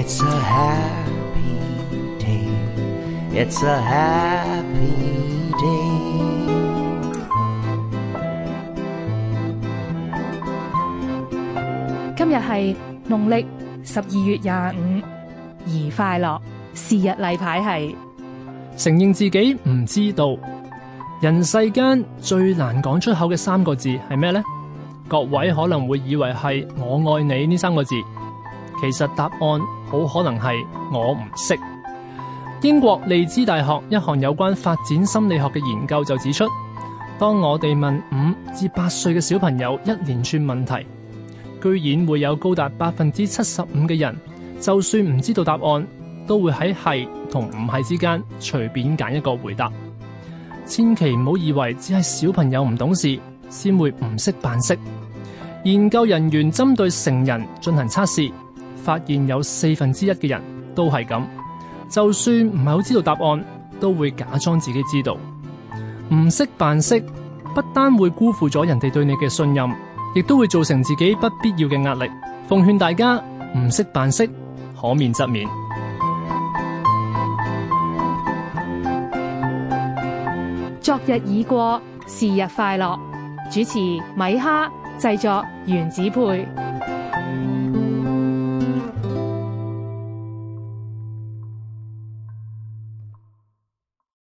It's a happy day. It's a happy day. 今日係農曆十二月廿五，宜快樂。是日例牌係承認自己唔知道。人世間最難講出口嘅三個字係咩咧？各位可能會以為係我愛你呢三個字，其實答案好可能係我唔識。英國利茲大學一項有關發展心理學嘅研究就指出，當我哋問五至八歲嘅小朋友一連串問題，居然會有高達百分之七十五嘅人，就算唔知道答案，都會喺係同唔係之間隨便揀一個回答。千祈唔好以為只係小朋友唔懂事。先會唔識扮識，研究人員針對成人進行測試，發現有四分之一嘅人都係咁，就算唔係好知道答案，都會假裝自己知道。唔識扮識，不單會辜負咗人哋對你嘅信任，亦都會造成自己不必要嘅壓力。奉勸大家唔識扮識，可免則免。昨日已過，是日快樂。主持米哈，製作原子配。